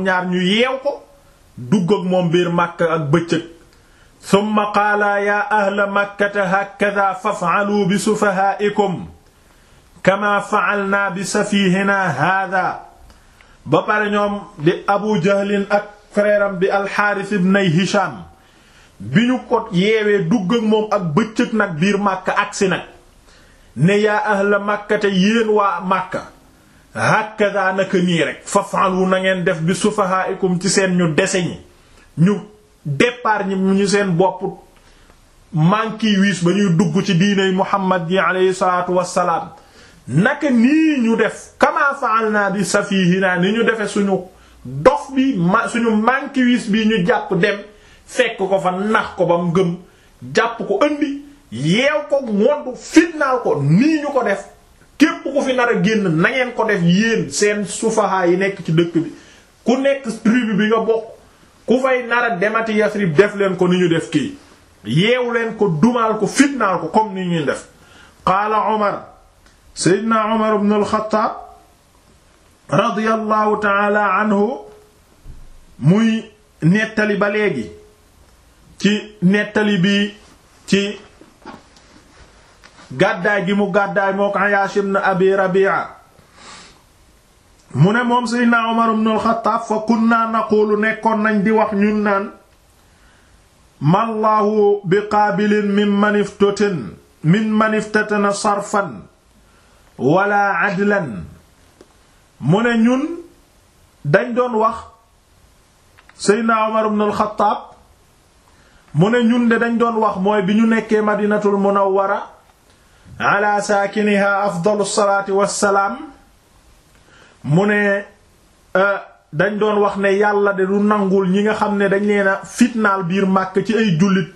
ñu yeew ko dugg ak moom biir Makka ak bëccëg summa qaala yaa ahla makkata hakada faf'alu bi sufahaa'ikum kama fa'alna bi safihinaa haada ba pare ñoom di Abu Jahlin ak frère bi Alxaaris ibn Hisham bi ko yeewee dugg ak moom ak bëccëg nag biir Makka agsi nag ne yaa ahla makkata yéen waa Makka hakaza naka nii rek fafalu wu nangeen def bi sufahaikum ci seen ñu dese ñi ñu départ ñi ñu seen bopp manki wiis ba ñuy dugg ci diiney Muhammad yi aleyhi salaatu wassalaam naka nii ñu def kama fa'alna bi safihina ni ñu defe suñu dof bi suñu manki wiis bi ñu jàpp dem fekk ko fa nax ko ba mu jàpp ko andi yeew ko modd fitnaal ko nii ñu ko def képp ku fi nar a génn na ko def yéen seen sufaha yi nekk ci dëkk bi ku nekk tribu bi nga bokk ku fay nar a demati Yasrib def leen ko ni ñu def kii yeew leen ko dumaal ko fitnaal ko comme ni ñuy def qaala Umar Seydina Umar ibn al-Khattab radiyallahu anhu muy nettali ba léegi ci nettali bi ci gàddaay gi mu gàddaay moo ko Ayaash ibn Abi Rabi'a mu ne moom Seydina Umar ibn al-Khattab fa kunna naqulu nekkoon nañ di wax ñun naan mallaahu bi qaabilin min maniftatin min sarfan wala adlan mu ne ñun dañ doon wax Seydina Umar ibn al mu ne ñun de dañ doon wax mooy bi ñu nekkee Madinatul Munawwara ala saakiniha afdalu salaati wassalaam mu ne euh, dañ doon wax ne yàlla de du nangul ñi nga xam ne dañ leen fitnaal biir màkk ci ay jullit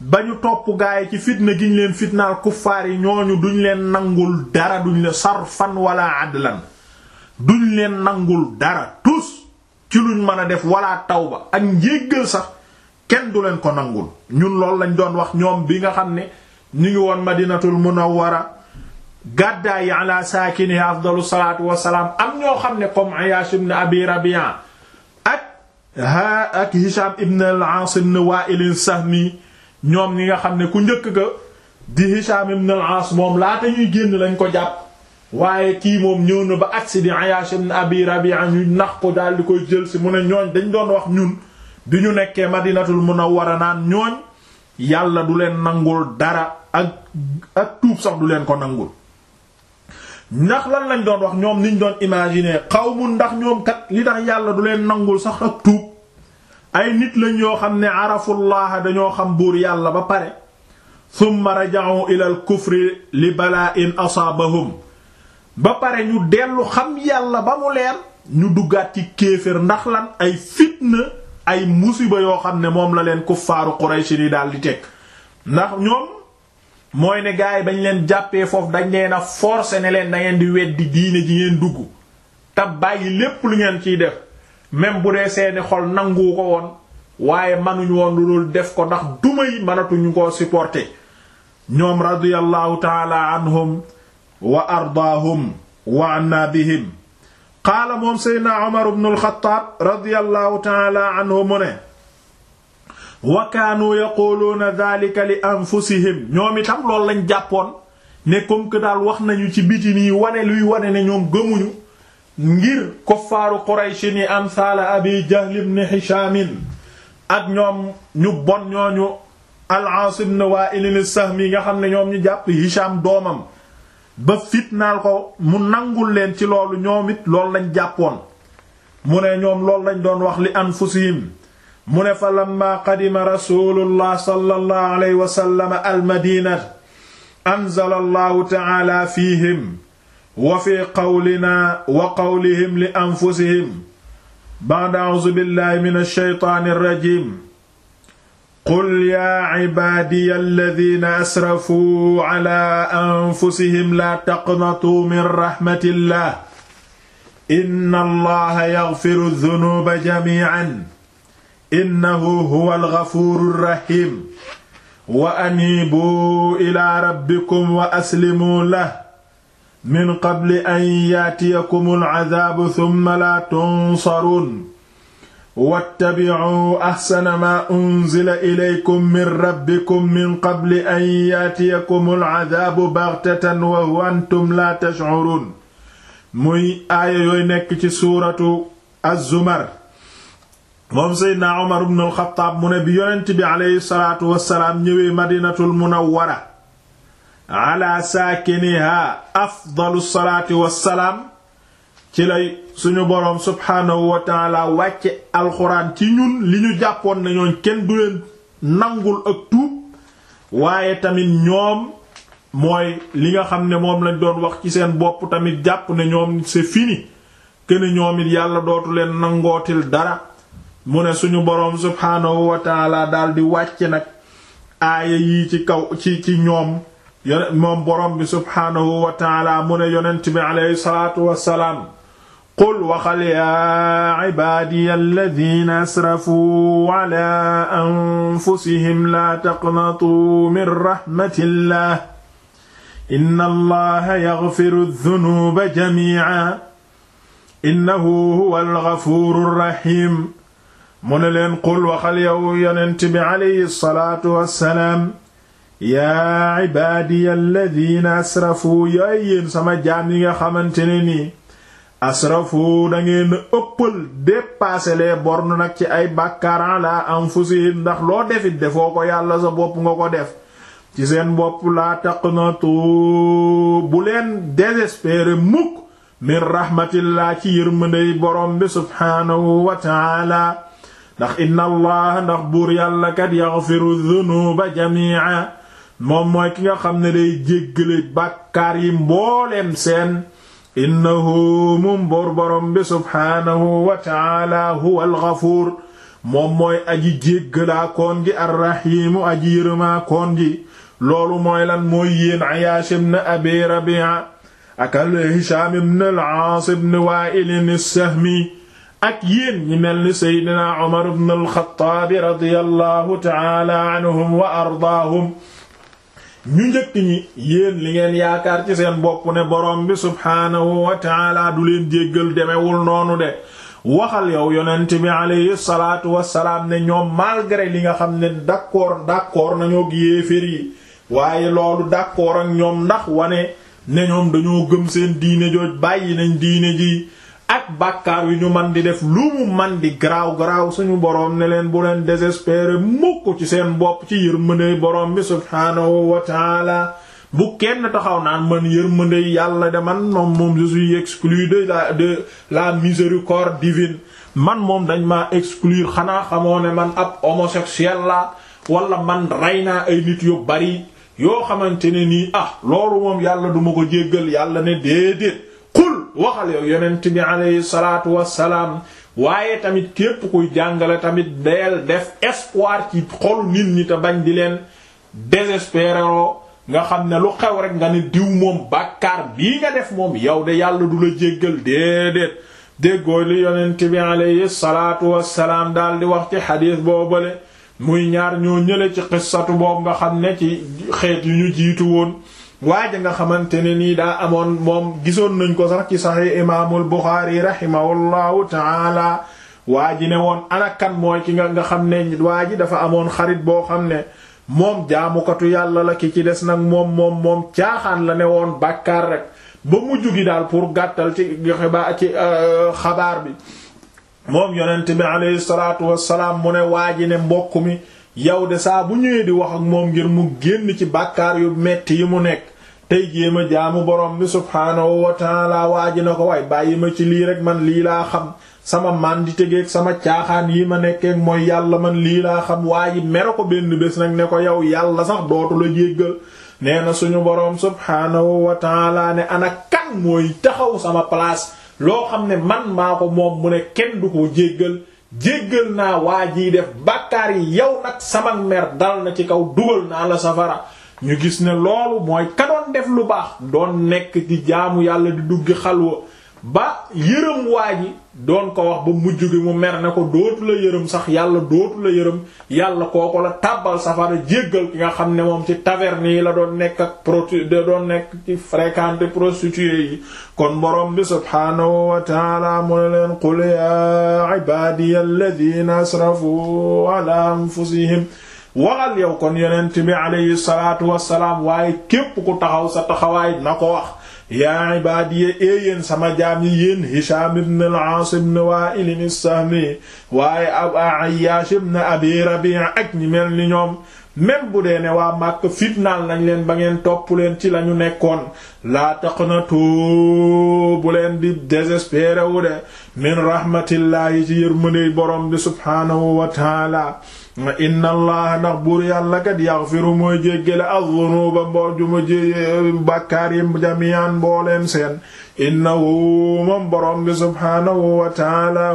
ba ñu topp gaay ci fitna giñ leen fitnaal kuffaar yi ñooñu duñ leen nangul dara duñ leen sarfan wala adlan duñ leen nangul dara tus ci luñ mën a def wala ba ak njégal sax kenn du leen ko nangul ñun loolu lañ doon wax ñoom bi nga xam ne ñu ngi woon madinatul munawwara gàddaay yi ala saakini afdalu salaatu wasalaam am ñoo xam ne comme Ayaash ibn Abi Rabi'a ak Hisham ibn al-Aas ibn Wa'il Sahmi ñoom ñi nga xam ne ku njëkk ga di Hisham ibn al-Aas moom laata ñuy génn lañ ko jàpp waaye kii moom ñëw na ba agsi di Ayaash ibn Abi Rabi'a ñu nax ko daal di koy jël si mu ne ñooñ dañ doon wax ñun bi ñu nekkee Madinatul Munawwara naan ñooñ yàlla du leen nangul dara ak ak tuub sax du leen ko nangul ndax lan lañ doon wax ñoom niñ doon imaginer qawmun ndax ñoom kat li tax yàlla du leen nangul sax ak tuub ay nit lañ yoo xam ne arafullaha dañoo xam buur yàlla ba pare thumma raja'u ila al kufri li balaa bala'in asaabahum ba pare ñu dellu xam yàlla ba mu leer ñu duggaat ci kéefër ndax lan ay fitna ay musiba yoo xam ne moom la leen kuffaaru Quraysh ni daal di teg ndax ñoom mooy ne gars yi bañ leen jàppee foofu dañ leen a forcer ne leen da ngeen di weddi diine ji ngeen dugg te bàyyi lépp lu ngeen ciy def même bu dee seeni xol nangu ko woon waaye manuñ woon lu dul def ko ndax duma yi mënatuñu ko supporter ñoom radiyallahu taala anhum wa ardaahum wa anna bihim qaala moom seydna Umar ibn al-Khattab radiyallahu taala anhu mu ne wa kaanu yaquluuna dhalika li anfusihim ñoom itam loolu lañ jàppoon ne comme que daal wax nañu ci biti yi wane luy wane ne ñoom gëmuñu ngir kuffaaru qurayshi ni amsaala abi jahl ibn hisham ak ñoom ñu bon ñooñu al-aas ibn sahmi nga xam ne ñoom ñu jàpp hisham doomam ba fitnaal ko mu nangul leen ci loolu ñoomit it loolu lañ jàppoon mu ne ñoom loolu lañ doon wax li anfusihim mu ne fa lamma qadima rasulullah sallallahu alayhi wa sallam almadina anzala allahu taala fihim wa fi qawlina wa qawlihim li anfusihim ba'da a'uuzu billahi mina shaytaani rajiim qul yaa cibaadiya alladiina asrafuu calaa anfusihim laa taqnatuu min raxmatillaah inna allaha yaxfiru dunuuba jamiican innahu huwal ghafuurur rahiim wa aniibu ilaa rabbikum wa aslimuu lahu min qabli an yaatiyakumul azaabu thumma laa tunsaruun wattabi'uu ahsana maa unzila ilaykum min rabbikum min qabli an yaatiyakumul azaabu baghtatan wa antum laa tash'uruun muy aaya yooy nekk ci suuratu az-Zumar moom Seydina Omar ibn al mu ne bi yonent bi aleyhi salaatu wassalaam ñëwee madinatul munawwara ala saakiniha afdalu salaati wassalaam ci lay suñu boroom subhaanahu wa taala wàcce alxuraan ci ñun li ñu jàppoon ne kenn du leen nangul ak tuub waaye tamit ñoom mooy li nga xam ne moom lañ doon wax ci seen bopp tamit jàpp ne ñoom c'est fini que ne ñoom yàlla dootu leen nangootil dara mu ne suñu boroom subhaanahu wa taala daldi wàcc nag aaya yii ci kaw ci ci ñoom moom boroom bi subhaanahu wa taala mu ne yonent bi aleyhi salaatu wassalaam qul waxal yaa ibaadiya alladina asrafuu ala anfusihim laa taqnatuu min raxmatillah inna allaha yaxfiru dunuuba jamiica innahu huwa algafuuru raxiim mu ne leen qul waxal yow yonent bi alayhi salaatu wassalaam yaa ibaadiya alladiina asrafu yaay sama jaam yi nga xamante ne nii asrafu da ngeen ëppal dépasser les nag ci ay bàkkaar la anfusihim ndax loo defit defoo ko yàlla sa bopp nga ko def ci seen bopp laa taqnatu bu leen désespérer mukk min rahmatillah ci yërmandey borom bi subhaanahu wa taala ndax inna allaha ndax buur yàlla kat yaxfiru dunuba jamia moom mooy ki nga xam ne day jéggale bàkkaar yi mbooleem seen innahu mum boor borom bi subhaanahu wa taala huwa alxafuur moom mooy aji jéggalaa koon gi arrahiimu aji yërëmaa koon gi loolu mooy lan mooy yéen Ayaash ibn Abi Rabi'a ak al Hishaam al-Aas ibn Waa'il as-Sahmi ak yéen ñi mel ni seydina Umar ibn al-Khattab radiyallahu anhum wa ardaahum ñu njëkk ñi yéen li ngeen yaakaar ci seen bopp ne borom bi subhaanahu wa ta'ala du leen jéggal demewul noonu de waxal yow yonent bi alayhi salaatu wassalaam ne ñoom malgré li nga xam ne d'accord d'accord nañoo gi yéefér waaye loolu d'accord ñoom ndax wane ne ñoom dañoo gëm seen diine jooj bàyyi nañ diine ji ak bàkkaar yu ñu man di def lu mu man di garaaw garaaw suñu boroom ne leen bu leen désespérer mukk ci seen bopp ci yërmande boroom bi subhaanahu wa taala bu kenn taxaw naan man yërmande yàlla de man moom moom je suis exclu de la de la miséricorde divine man moom dañ ma exclure xanaa xamoo ne man ab homosexuel la wala man rey naa ay nit yu bari yoo xamante nii ah loolu moom yàlla duma ko jéggal yàlla ne déedéet waxal yow yonent bi alayhi salaatu wassalaam waaye tamit képp kuy jàngale tamit deel def espoir ci xolu nit ñi te bañ di leen désespérer nga xam ne lu xew rek nga ne diw moom bàkkaar bii nga def moom yow de yàlla du la jéggal déedéet déggoo li yonent bi salaatu wassalaam daal di wax ci xadiis boobale muy ñaar ñoo ñële ci xissatu boobu nga xam ne ci xeet yu ñu jiitu woon waa waaja nga xamante ne nii daa amoon moom gisoon nañ ko sax ci saxi imaamul Buxaari rahimahullahu taala waa ji ne woon anakan mooy ki nga xam ne waa ji dafa amoon xarit boo xam ne moom jaamukatu yàlla la ki ci des nag moom moom moom caaxaan la ne woon bàkkaar rek ba mujj gi daal pour gàttal ci xibaar ci euh, xabaar bi moom yonent bi alayhi salaatu wassalaam mu ne waa ji ne mbokk mi yow de saa bu ñëwee di wax ak moom ngir mu génn ci bàkkaar yu metti yi mu ne tey jéem a jaamu borom bi subhaanahu wa taala waaji na ko waay bàyyi ma ci lii rek man lii laa xam sama di tegeeg sama caaxaan yi ma nekkeeg mooy yàlla man lii laa xam waa waaji mere ko benn bés nag ne ko yow yàlla sax dootu la jéggal nee na suñu borom subhaanahu wa taala ne ana kan mooy taxaw sama place loo xam ne man maa ko moom mu ne kenn du ko jéggal jéggal naa waa jiy def bàkkaar yi yow nag sama mer dal na ci kaw dugal naa la safara ñu gis ne loolu mooy ka def lu baax doon nekk di jaamu yàlla di duggi xalwa ba yërëm waa ji doon ko wax ba mujj gi mu mer ne ko dootu la yërëm sax yàlla dootu la yërëm yàlla ko la tàbbal safara jéggal ki nga xam ne moom ci taverne yi la doon nekk ak protu doon nekk ci fréquenté prostituées yi kon borom bi subhaanahu wa taala mu ne leen qul ya ibadiya alladhina asrafu ala anfusihim waxal yow kon yonent bi alayhi salaatu wassalaam waaye képp ku taxaw sa taxawaay na ko wax yaa ibaadiye yéen sama jaam yi yéen Hisham ibn al-Aas ibn Waa'il as-Sahmi waaye ab Ayyaash ibn Abi Rabi'a ak ñi mel ni ñoom même bu dee ne waa Màkk fitnaal nañ leen ba ngeen topp leen ci la ñu nekkoon laa taqnatu bu leen di désespéré wu de min rahmatillahi ci yërmande borom bi subhaanahu wa taala ma inna allaha ndax buur yàlla kat yaxfiru mooy jéggale az-zunuba mboor ju ma jé bàkkaar yi jamian mbooleen seen innahu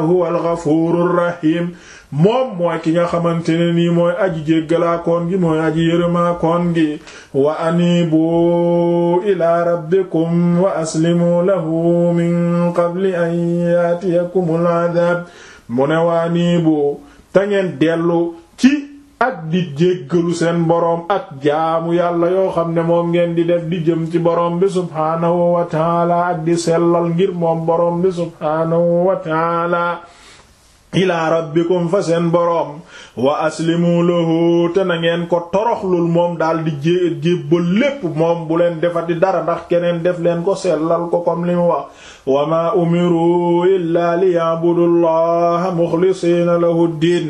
huwa al-ghafuurur rahiim moom mooy ki nga xamante ne nii mooy aji jéggalaakoon gi mooy aji yërëmaakoon gi wa anibu ilaa rabbikum wa aslimu lahu min qabli an yaatiyakumul adaab mu wa anibu ta dellu ci ak di jéggalu seen boroom ak jaamu yàlla yoo xam ne moom ngeen di def di jëm ci boroom bi subhaanahu wa taala ak di sellal ngir moom boroom bi subhaanahu wa taala ilaa rabbikum fa seen boroom wa aslimu lahu te na ngeen ko toroxlul moom daal di jébbal lépp moom bu leen defati dara ndax keneen def leen ko sellal ko kom li mu wax wa maa umiru illaa liya'budu llaha muxlisiina lahu ddiin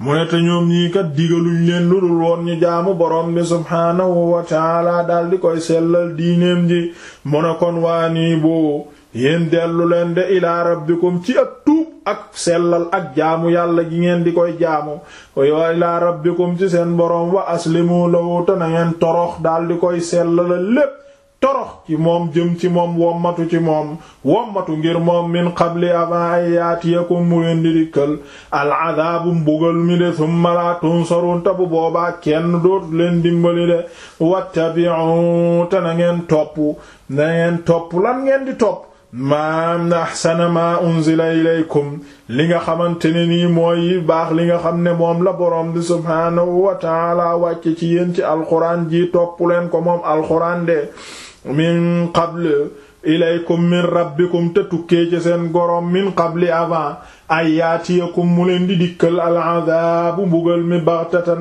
mu ne te ñoom ñii kat digaluñ leen lu dul woon ñu jaamu borom bi subhaanahu wa taala daal di koy sellal diineem ji mu ne kon waanii boo yéen dellu leen de ilaa rabbikum ci ak tuub ak sellal ak jaamu yàlla ji ngeen di koy jaamu wa ilaa rabbikum ci seen borom wa aslimu lahu te na ngeen torox daal di koy sellal lépp torox ci moom jëm ci moom wommatu ci moom wommatu ngir moom min qabli avant ay yaatiyakum mu leen di dikkal al adaabu mbugal mi de summa la tunsarun ta bu boobaa kenn dootu leen dimbali de wattabi'u te na ngeen topp na ngeen topp lan ngeen di topp maam ahsana ma unzila ilaykum li nga xamante ne nii mooy baax li nga xam ne moom la borom bi subhaanahu wa taala wàcce ci yéen ci alxuraan ji topp leen ko moom alxuraan de min qabl ilaykum min rabbikum te tukkee ci seen gorom min qabli avant ay yaatiyakum mu leen di dikkal aladabu mbugal mi baxtatan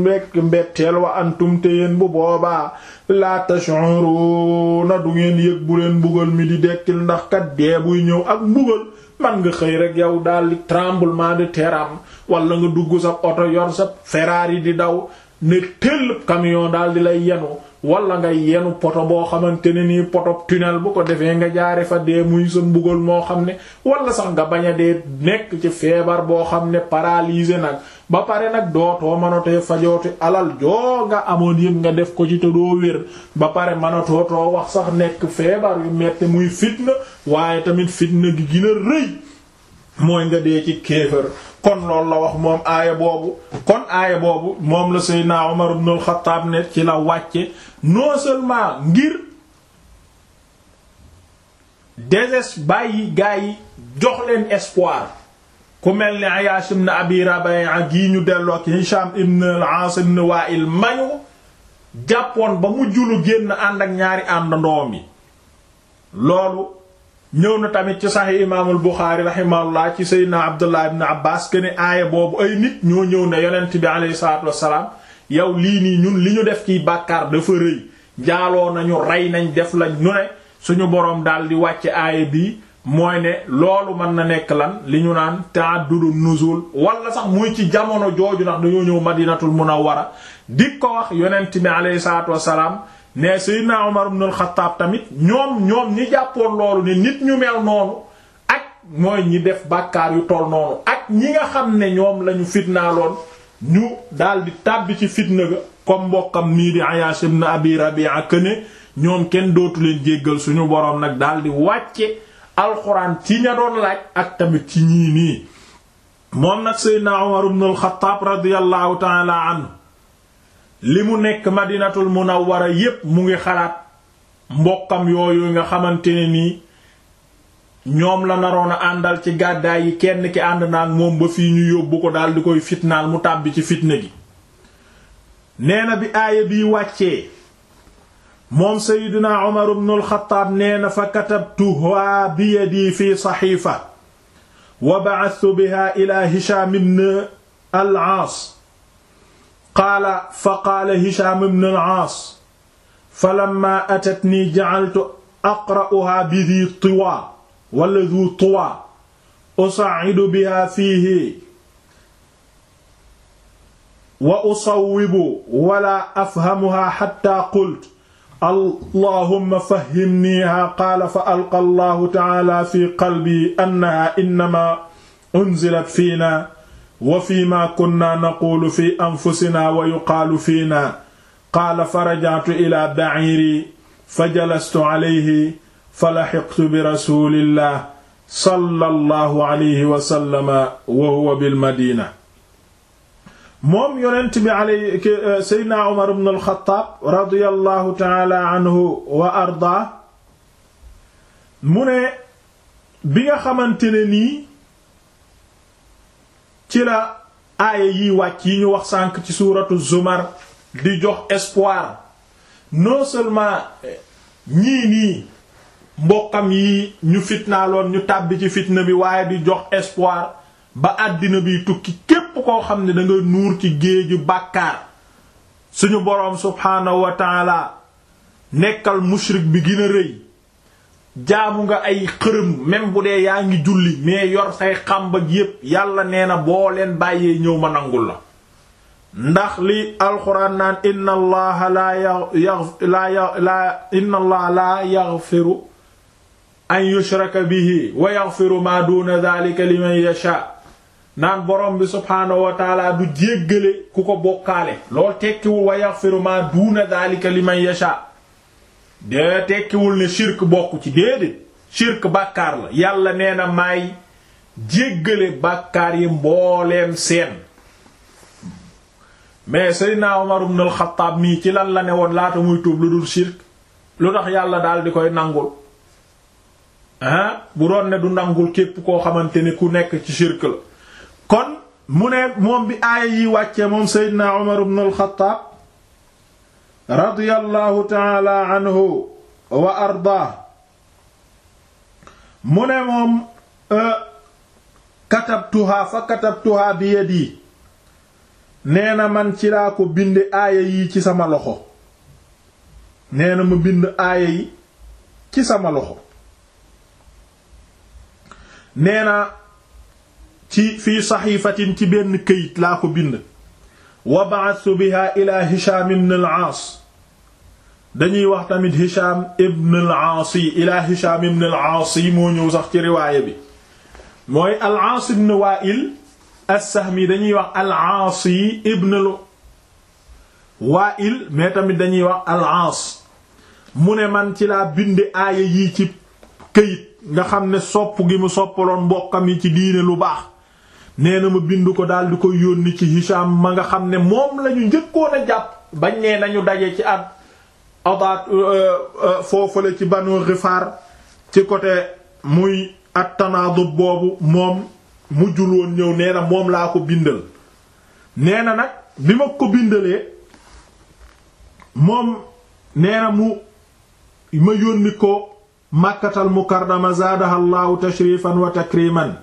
mbekk mbetteel wa antum te yéen bu boobaa la tash'uruna du ngeen yëg bu leen mbugal mi di dekkil ndax kat dee buy ñëw ak mbugal man nga xëy rek yow daal di tremblement de terre am wala nga dugg sa oto yor sa Ferrari di daw ne tëll camion daal di lay yenu wala nga yenu poto boo xamante ne nii poto tunnel bu ko defee nga jaare fa dee muy sa mbugal moo xam ne wala sax nga bañ a dee nekk ci feebar boo xam ne paralise nag ba pare nag dootoo mënatee fajooti alal joo nga amoon yëpp nga def ko ci te doo wér ba pare mënatoo too wax sax nekk feebar yu metti muy fitna waaye tamit fitna gi gën a rëy mooy nga dee ci kéefër kon loolu la wax moom aaya boobu kon aaya boobu moom la Seydina Umar ibn al-Khattab ne ci la wàcce non seulement ngir déses bàyyi gaa yi jox leen espoir ku mel ni Ayaash ibn Abi Rabi'a gi ñu delloo ak Hisham ibn al-As ibn Wa'il mañu jàppoon ba mu julu génn ànd ak ñaari ànd ndoom yi loolu ñëw na tamit ci saxi imaamul Buxaari rahimahullah ci Seydina Abdullah ibn Abbas que ne aaya boobu ay nit ñoo ñëw ne yonent bi alayhi salaatu wassalaam yow lii nii ñun li ñu def ciy bàkkaar dafa rëy jaaloo nañu rey nañ def lañ nu ne suñu boroom daal di wàcce aaya bi mooy ne loolu mën na nekk lan li ñu naan ta'addudu nuzul wala sax muy ci jamono jooju ndax dañoo ñëw Madinatul Munawwara di ko wax yonent bi alayhi salaatu wassalaam ne Seydina Omar ibn al tamit ñoom ñoom ñi jàppoon loolu ne nit ñu mel noonu ak mooy ñi def bàkkaar yu toll noonu ak ñi nga xam ne ñoom lañu fitnaaloon ñu daldi tàbbi ci fitna ga comme mbokkam nii di Ayyash Abi Rabi'a këne ñoom kenn dootu leen jéggal suñu boroom nag daldi wàcce alxuraan ci ña doon laaj ak tamit ci ñii nii moom nag Seydina Omar ibn al-Khattab radiyallahu ta'ala li mu nekk madinatul munawwara yépp mu ngi xalaat mbokkam yooyu nga xamante ne nii ñoom la naroona àndal ci gàddaay yi kenn ki ànd naan moom ba fii ñu yóbbu ko daal di koy fitnaal mu tàbbi ci fitna gi nee na bi aaya biy wàccee moom seydina umar ibn al-Khattab nee na fa katabtuha bi yadi fi saxiifa wa ba'athtu biha ila hisham ibn al-Aas qaala fa qaala Hicham ibn al-Aas falammaa atatnii ja'altu aqra'uhaa bi dhii tuwaa wala dhuu tuwaa usaa'idu bihaa fiihi wa usawwibu wala afhamuhaa hattaa qultu allahumma fahhimniihaa qaala fa alqa allahu ta'aalaa fii qalbii annahaa innamaa unzilat fiinaa wa fiima kunna naquulu fi anfusinaa wa yuqaalu fiinaa qaala farajactu ilaa baciirii fa jalastu calayhi fa laxiqtu bi rasuulillah sallallahu alayhi wa sallama wa huwa bilmadina moom yonent bi aley eh, seydna omar bn alxataab radiallahu taala anhu wa arda mu ne bi nga xamante ne nii ci la aaya yi wàcc yi ñu wax sànq ci suuratu zumar di jox espoir non seulement eh, ñii nii mbokkam yi ñu fitnaaloon ñu tàbbi ci fitna bi waaye di jox espoir ba àddina bi tukki képp koo xam ne da nga nuur ci géeju bàkkaar suñu boroom subhaanahu wa taala nekkal mushrik bi gën rëy jaamu nga ay xërëm même bu dee yaa ngi julli mais yor say xàmba yépp yàlla nee na boo leen bàyyee ñëw ma nangul la ndax li alxuraan naan inna allaha la la inna an yushraka bihi wa yaghfiru ma duna dhalika liman yasha naan borom bi subhaanahu wa taala du jéggale ku ko bokkaale lool tekkiwul wa yaghfiru ma duna dhalika liman yasha de tekkiwul ne shirk bokk ci déedéet sirk bàkkaar la yàlla nee na may jéggale bàkkaar yi mbooleem seen mais Seydina Umar ibn al-Khattab mii ci lan la ne woon laata muy tuub lu dul shirk lu tax yàlla daal di koy nangul ah bu doon ne du nangul képp koo xamante ni ku nekk ci shirk la kon mu ne moom bi aaya yi wàccee moom Seydina Umar ibn al-Khattab radiyallahu taala anhu wa arda mu ne moom e, katabtuhaa fa katabtuhaa bi yadi nee na man ci laa ko bind aaya yi ci sama loxo nee na mu bind aaya yi ci sama loxo nee na ci saxiifatin ci benn këyit laa ko bind wa ba'athu biha ila hisham ibn al-aas dañuy wax tamit hisham ibn al-aas ila hisham ibn al-aas moo ñëw sax ci riwaaya bi mooy al-aas ibn wa'il as-sahmi dañuy wax al-aas ibn wa'il mais tamit dañuy wax al-aas mu ne man ci laa bind aaya yii ci këyit nga xam ne sopp gi mu soppaloon mbokkam yi ci diine lu baax nee na ma bind ko daal di ko yónni ci Hisham ma nga xam ne moom la ñu njëkkoon a jàpp bañ nee nañu daje ci at odaat euh, euh, foofale ci Banu Ghifar ci côté muy at-Tanadub boobu moom mujjul woon ñëw nee moom laa ko bindal nee nag bi ma ko bindalee moom nee mu ma yónni ko Makkatal Mukarrama zaadaha Allahu tashrifan wa takriman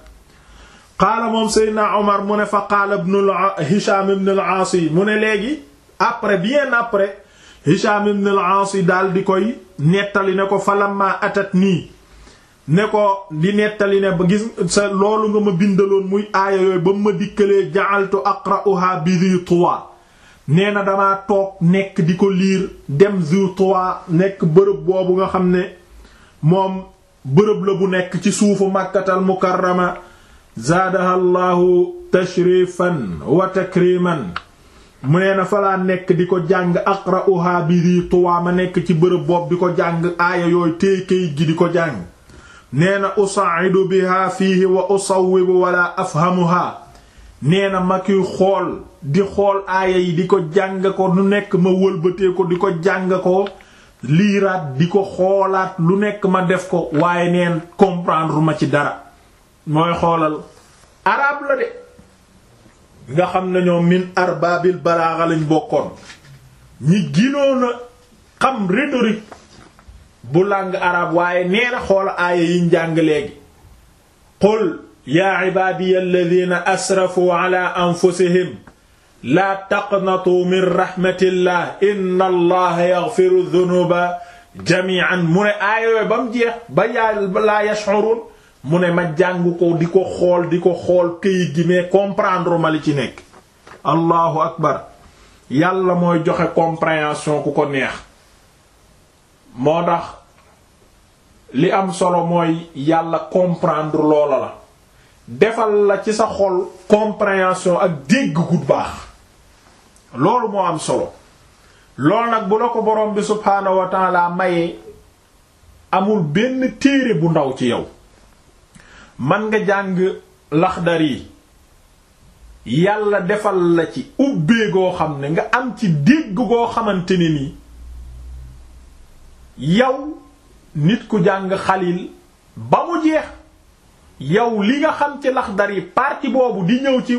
qaala moom Seydina Omar mu ne fa qaala ibn Hisham ibn al mu ne léegi après bien après Hisham ibn al-Aas daal di koy nettali ne ko falamma atat nii ne ko di nettali ne ba gis sa loolu nga ma bindaloon muy aaya yooyu ba ma dikkalee ja'altu aqra'uha bi Dhi Tuwa nee na damaa toog nekk di ko liir dem Dhi Tuwa nekk bërëb boobu nga xam ne moom bërëb la bu nekk ci suufu Makkatal Mukarrama zaadaha llahu tashrifan wa takriman mu nee na falaa nekk di ko jàng aqra'uha bihi tuwaa ma nekk ci bërëb boobu di ko jàng aaya yooyu téy kayit gi di ko jàng nee na usaa'idu biha fiihi wa usawwibu wala afhamuha nee na ma kiy xool di xool aaya yi di ko jàng ko lu nekk ma wëlbatee ko di ko jàng ko liiraat di ko xoolaat lu nekk ma def ko waaye neen comprendre ma ci dara mooy xoolal arab la de nga xam ne ñoom min arbaabil balaaxa lañ bokkoon ñi ginoon a xam bu langue arabe waaye nee na xool aaya yiñ jàng léegi qul yaa ibaadiya alladina asrafu ala anfusihim taqnatuu min rahmatillah inna allaha yaghfiru dhunuba jami'an mu ne aaya yooyu ba mu jeex ba yaa laa yash'urun mu ne ma jàng ko di ko xool di ko xool këyit gi mais comprendre ma li ci nekk allahu akbar yàlla mooy joxe compréhension ku ko neex moo tax li am solo mooy yàlla comprendre loola la defal la ci sa xol compréhension ak dégg gu baax loolu moo am solo loolu nag bu la ko borom bi subhaanahu wa taala amul benn téere bu ndaw ci yow man nga jàng laxdari yàlla defal la ci ubbee goo xam ne nga am ci dégg goo xamante ne ni yow nit ku jàng xalil ba mu jeex yow li nga xam ci laxdari partie boobu di ñëw ci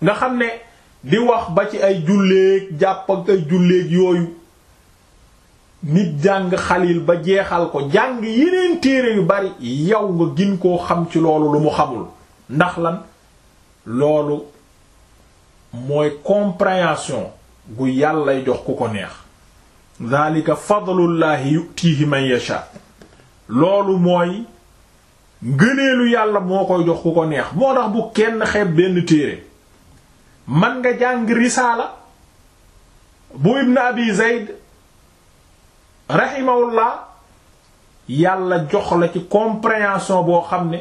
nga xam ne di wax ba ci ay julleeg jàpp ak ay julleeg yooyu nit jàng xalil ba jeexal ko jàng yeneen téere yu bari yow nga gin koo xam ci loolu lu mu xamul ndax lan loolu mooy compréhension gu yàllay jox ku ko neex dhalika fadlullahi yutihi man yasha loolu mooy ngëneelu yàlla moo koy jox ku ko neex moo tax bu kenn xeeb benn téere man nga jàng risaala bu ibn abi zayd rahimahullah yàlla jox ci compréhension boo xam ne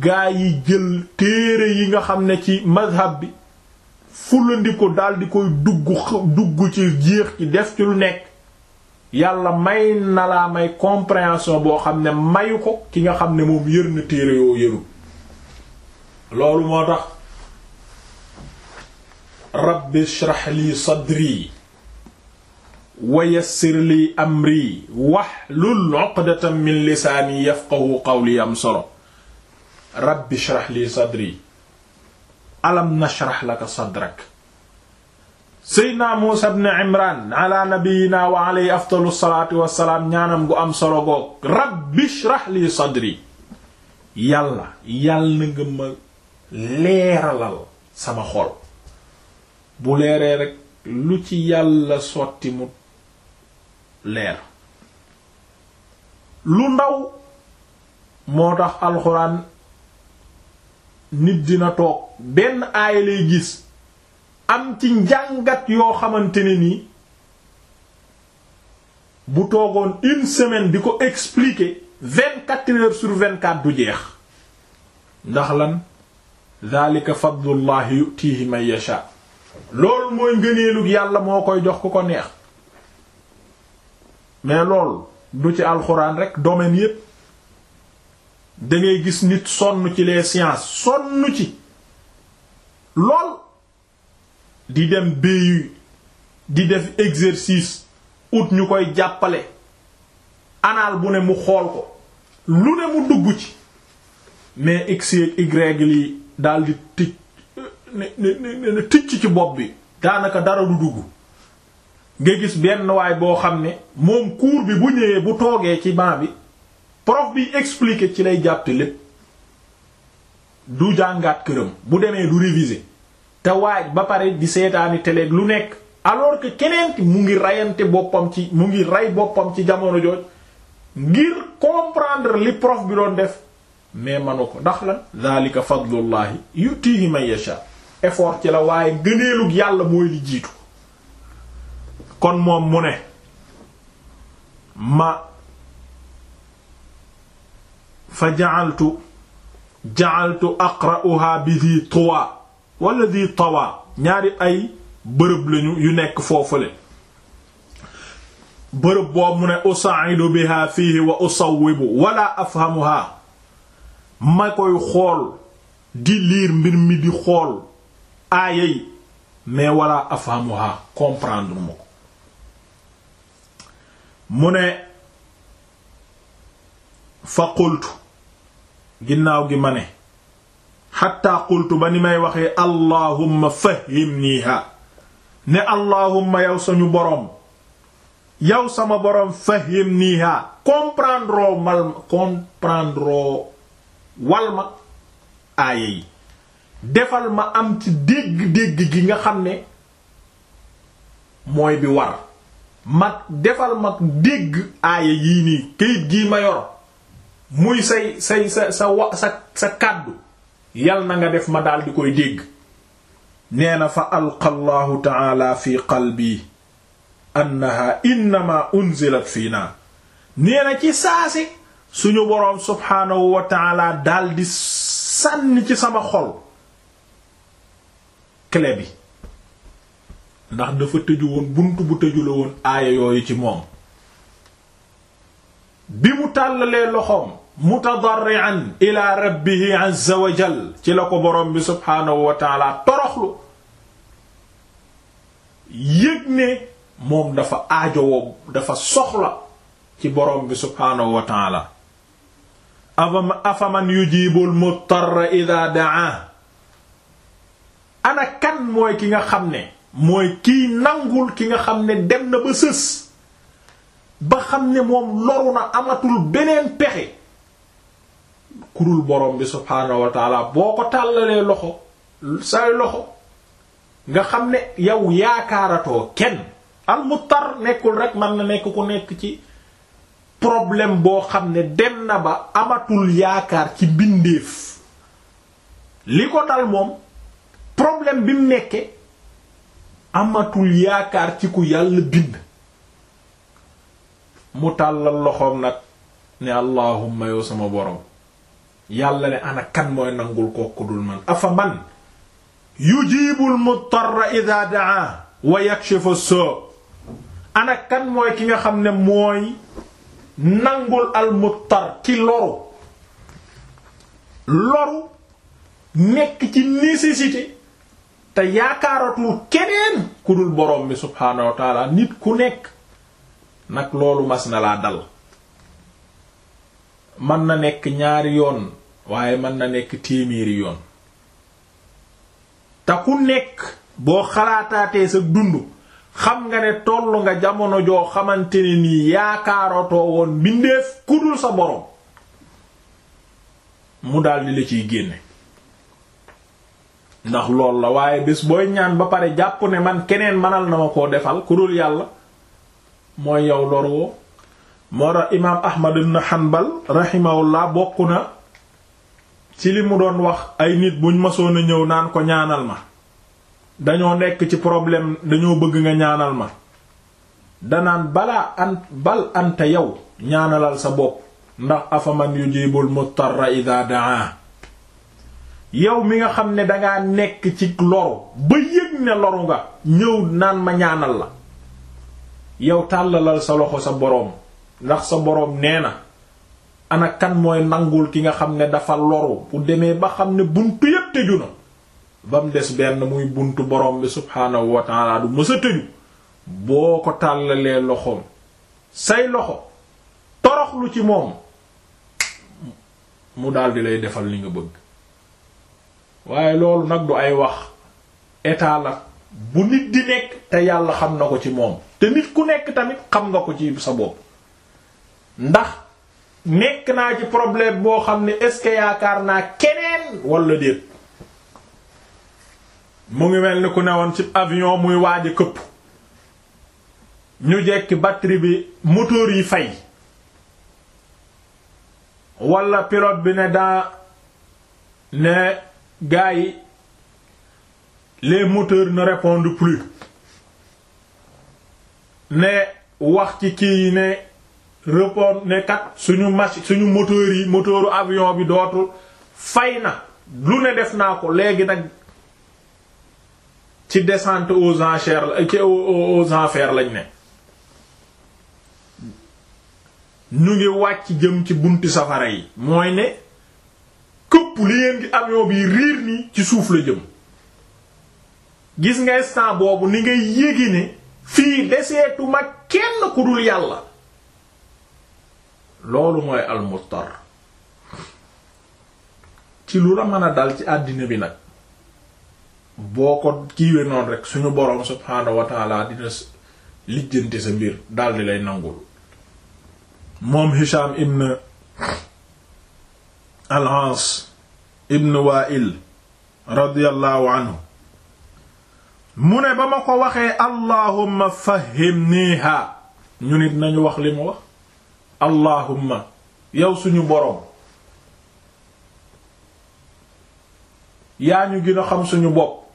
gaa yi jël téere yi nga xam ne ci mazhab bi fulandi ko daldi koy dugg dugg ci jéex ci def ci lu nekk yàlla may na laa may compréhension boo xam ne mayu ko ki nga xam ne moom yër na téere yoo yëru loolu moo tax rabbi shrah li wa yassir lii amri wahlul uqdatan min lisaani yafqahu qawli am solo rabbi shrah li sadri alam nashrah laka sadrak seydna muusa ibn imran ala nabiyyina wa alayhi afdalu salaatu wassalaam ñaanam gu am solo goog rabbi shrah li sadri yàlla yàlla na nga ma leeralal sama xol bu leeree rek lu ci yàlla sotti mu leer lu ndaw moo tax alxuraan nit dina toog benn aaya gis am ci njàngat yoo xamante ni nii bu toogoon une semaine bi ko expliquer vingt-quatre heures sur vingt du jeex ndax lan daalika yu yutihi man yasha loolu mooy ngëneelug yàlla moo koy jox ku ko neex mais loolu du ci alxuraan rek domaine yépp da ngay gis nit sonn ci les sciences sonn ci lool di dem BU di def exercice ut ñu koy jàppale anal bu ne mu xool ko lu ne mu dugg ci mais x y lii daal di tic ne ne ne ticc ci bopp bi daanaka dara du dugg nga gis benn waay boo xam ne moom cours bi bu ñëwee bu toogee ci banc bi prof bi expliquer ci lay jàpp lépp du jàngaat këram bu demee du réviser te waaj ba pare di seetaani télé lu nekk alors que keneen ki mu ngi rayante boppam ci mu ngi ray boppam ci jamono jooj ngir comprendre li prof bi doon def mais manu ko ndax lan daalika fadlullahi yutihi man yasha effort ci la waaye ngëneelug yàlla mooy li jiitu kon moom mu ne ma fa ja'altu ja'altu aqra'uha bi di tuwa wala di tawa ñaari ay bërëb lañu yu nekk foofule bërëb boobu mu ne usaa'idu biha fiihi wa usawwibu wala afhamuha ma koy xool di liir mbir mi di xool aaya yi walla wala afhamuha comprendre ma mu ne fa qultu ginnaaw gi ma ne xatta qultu ba ni may waxee allahumma fahimniha ne allahumma yow suñu borom yow sama boroom fahimniha comprendre mal comprendre wal ma aaya defal ma am ci dégg-dégg gi nga xam ne mooy bi war mag defal mag dégg aaya yii nii këyit gii ma muy say say sa kàddu yal na nga def ma daldi di koy dégg nee na fa alqa llahu taala fi qalbi annaha innama unzilat fii nee na ci saasi suñu boroom subhaanahu wa taala daldi di sànni ci sama xol clé ndax dafa tëju woon bunt bu tëju la woon aaya yooyu ci moom bi mu tàllalee loxoom mutadarrian ila rabbihi azza wa jal ci la ko borom bi subhaanahu wa taala toroxlu yëg ne moom dafa aajowoo dafa soxla ci boroom bi subhaanahu wa taala afaman yujibul muttarra ida daa ana kan mooy ki nga xam ne mooy kiy nangul ki nga xam ne dem na ba sës ba xam ne moom loru na amatul beneen pexe kurul borom bi subhaanahu wa boo ko tàllalee loxo say loxo nga xam ne yow yaakaaratoo kenn al muttar nekkul rek man na nekk ku nekk ci problème boo xam ne dem na ba amatul yaakaar ci bindeef li ko dal moom problème bi mu nekke amatul yaakaar ci ku yàlla bind mu tàllal loxoom nag ne allahumma yow sama boroom yàlla ne ana kan mooy nangul kooku dul man afa man yujibul muttarra idha daa wa yakshifu soo ana kan mooy ki nga xam ne mooy nangul al muttar ki loru loru nekk ci nécessité te yaakaaratul keneen ku dul borom bi subhaanahu nit ku nekk nag loolu mas na laa dal mën na nekk ñaari yoon waaye mën na nekk téeméeri yoon te ku nekk boo xalaataatee sa dund xam nga ne toll nga jamono joo xamante ni nii yaakaaratoo woon mbindeef ku dul sa borom mu daldi la ciy génne ndax loolu la waaye bés booy ñaan ba pare jàpp ne man keneen manal na ma koo defal ku dul yàlla mooy yow lor woo moo tax imaam ahmad ibn hanbal rahimahullah bokk na ci li mu doon wax ay nit buñ masoon a ñëw naan ko ñaanal ma dañoo nekk ci problème dañoo bëgg nga ñaanal ma danaan balaa an bal anta yow ñaanalal sa bopp ndax afaman yujibul muttarra idha daa yow mi nga xam ne danga nekk ci loru ba yëg ne loru nga ñëw naan ma ñaanal la yow tàllalal sa loxo sa boroom ndax sa boroom nee na ana kan mooy nangul ki nga xam ne dafa loru bu demee ba xam ne buntu yépp tëju na ba mu des benn muy buntu boroom bi subhaanahu wa ta'ala du mës a tëju boo ko tàllalee loxoom say loxo toroxlu ci moom mu daldi lay defal li nga bëgg waaye loolu nag du ay wax état la bu nit di nekk te yàlla xam na ko ci moom te nit ku nekk tamit xam nga ko ci sa bopp ndax nekk naa ci problème boo xam ne est-ce que yaakaar naa keneen wala déet mu ngi mel ni ku newoon ci avion muy waaj a këpp ñu jekki batterie bi moteur yi fay wala pilote bi ne daa ne gars yi les moteurs ne répondent plus ne wax ci kii yi ne report ne kat suñu machine suñu moteur yi moteuru avion bi dootu fay na lu ne def naa ko léegi nag ci desant aux enchères la ci lañ ne ñu ngi wàcc jëm ci buntu safara yi mooy ne li ngeen gi avion bi riir nii ci suuf la jëm gis nga instant boobu ni ngay yéegi ne fii deseetuma kenn ku yàlla loolu mooy almustar ci lu la dal ci àddina bi nag boo ko kiiwee noonu rek suñu boroom subhaanahu wa dina lijjanti sa mbir daldi lay nangul moom Hisham ibn al-As ibn Wa'il radiyallahu anhu mu ne ba ma ko waxee allahumma fahhimniha ñu nit nañu wax li mu wax allahumma yow suñu boroom yaa ñu gën xam suñu bopp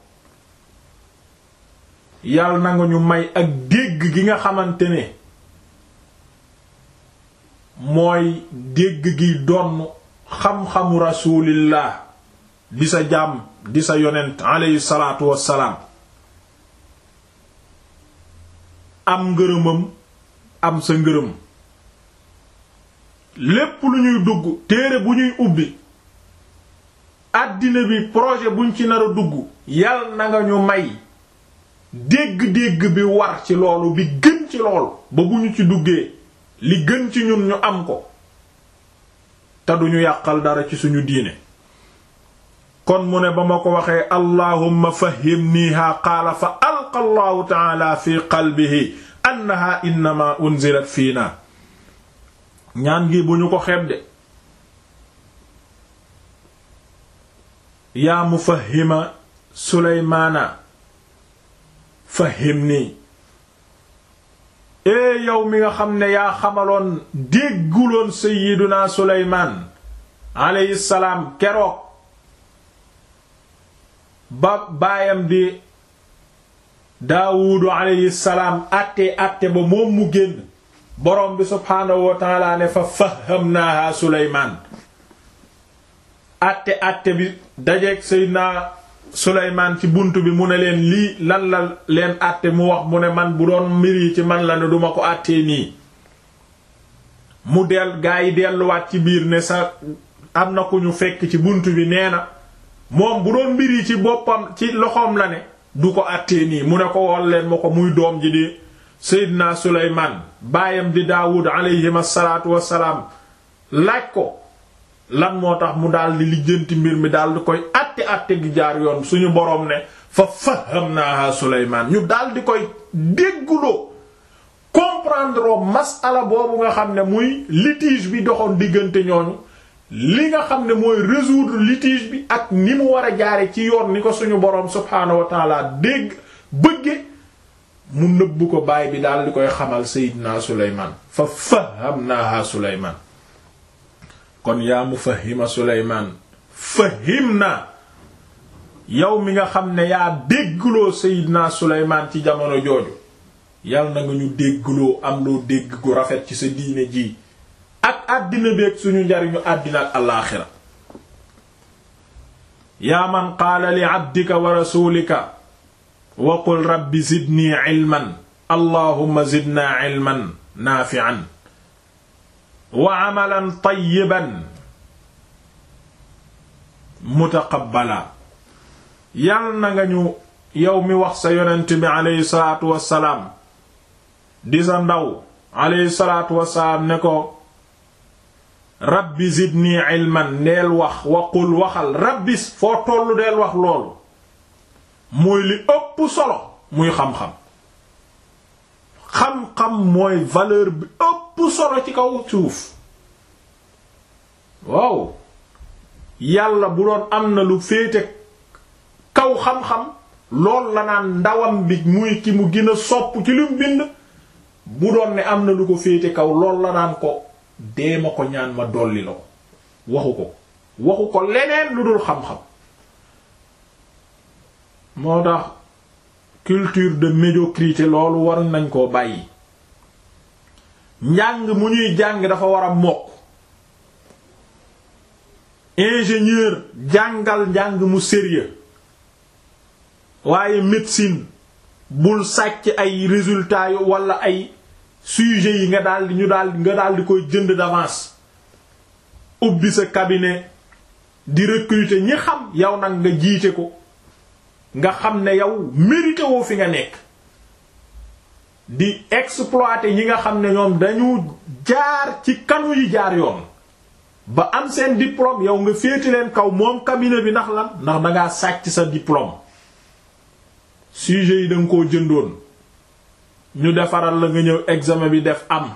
yàlla na nga ñu may ak dégg gi nga xamante ne mooy dégg gi donn xam-xamu rasulillah di sa jàmm di sa yonent aleyhi salaatu am ngërëmam am sa ngërëm lépp lu ñuy dugg téere bu ñuy ubbi àddina bi projet buñ ci nar a dugg yal na nga ñu may dégg-dégg bi war ci loolu bi gën ci lool ba bu ñu ci duggee li gën ci ñun ñu am ko te duñu yàqal dara ci suñu diine kon mu ne ba ma ko waxee allahumma fahhimniha qaala fa alqa allahu taala fi qalbihi annaha innama unzilat fiina ñaan gi bu ñu ko xeeb de yaa mufahhima suleymaana fahhimni ee yow mi nga xam ne yaa xamaloon dégguloon sayyiduna suleymaan alayhi salaam keroog ba baayam di daawuudu alayhi salaam àtte àtte ba moom mu génn borom bi subhaanahu wa taala ne fa fahamnaaha suleymaan àtte àtte bi dajeeg seydinaa suleymaan ci bunt bi mu ne leen lii lan la leen àtte mu wax mu ne man bu doon mbir ci man la ne duma ko àttee nii mu del gaa yi delluwaat ci biir ne sa am na ku ñu fekk ci bunt bi nee na moom bu doon mbir yi ci boppam ci loxoom la ne du ko àttee nii mu ne ko wol leen ma ko muy doom ji di Seydina Suleymaan baayam di Daawud alayhim asalaatu wasalaam laaj ko lan moo tax mu daal di lijjanti mbir mi daal di koy àtte àtte gi jaar yoon suñu boroom ne fa fahamnaaha Suleymaan ñu daal di koy dégguloo comprendre masala boobu nga xam ne muy litige bi doxoon diggante ñooñu li nga xam ne mooy résoudre litige bi ak ni mu war a jaare ci yoon ni ko suñu boroom subhaanahu wa taala dégg bëgge mu nëbb ko baay bi daal di koy xamal Seydina Sulaymaan fa fahamnaaha Sulaymaan kon yaa mu fahima Sulaymaan fahimnaa yow mi nga xam ne yaa déggloo Seydina Sulaymaan ci jamono jooju yal na nga ñu déggloo am loo dégg gu rafet ci sa diine ji ak àddina beeg suñu njariñu àddina ak alaaxira yaa man qaala li abdika wa rasulika wa qul rabbi zidni ilman zidna ilman naafi'an wa amalan tayyiban mutaqabbala yal na nga ñu yow mi wax sa yonent bi aleyhi salaatu wassalaam di sa ndaw aleyhi salaatu wassalaam ne ko rabbi zidni ilman deel wax waqul waxal bis foo tollu deel wax loolu mooy li ëpp solo muy xam-xam xam-xam mooy valeur bi ëpp solo ci kaw suuf waaw yàlla bu doon am na lu féete kaw xam-xam lool la naan ndawam bi muy ki mu gën sopp ci lu mu bind bu doon ne am na lu ko féete kaw lool la naan ko dee ko ñaan ma dolli la ko waxu ko waxu ko leneen lu dul xam-xam moo tax culture de médiocrité loolu war nañ koo bàyyi njàng mu ñuy jàng dafa war a mokk ingénieur jàngal njàng mu sérieux waaye médecine bul sàcc ay résultat yu walla ay sujet yi nga daal di ñu daal nga di koy jënd d'avance ubbi sa cabinet di recruter ñi xam yow nag nga jiite ko nga xam ne yow mérité fi nga nekk di exploiter yi nga xam ne ñoom dañu jaar ci kanu yi jaar yoon ba am seen diplôme yow nga féete leen kaw moom cabinet bi ndax lan ndax dangaa sàcc sa diplôme sujet yi danga koo jëndoon ñu defaral la nga ñëw examen bi def am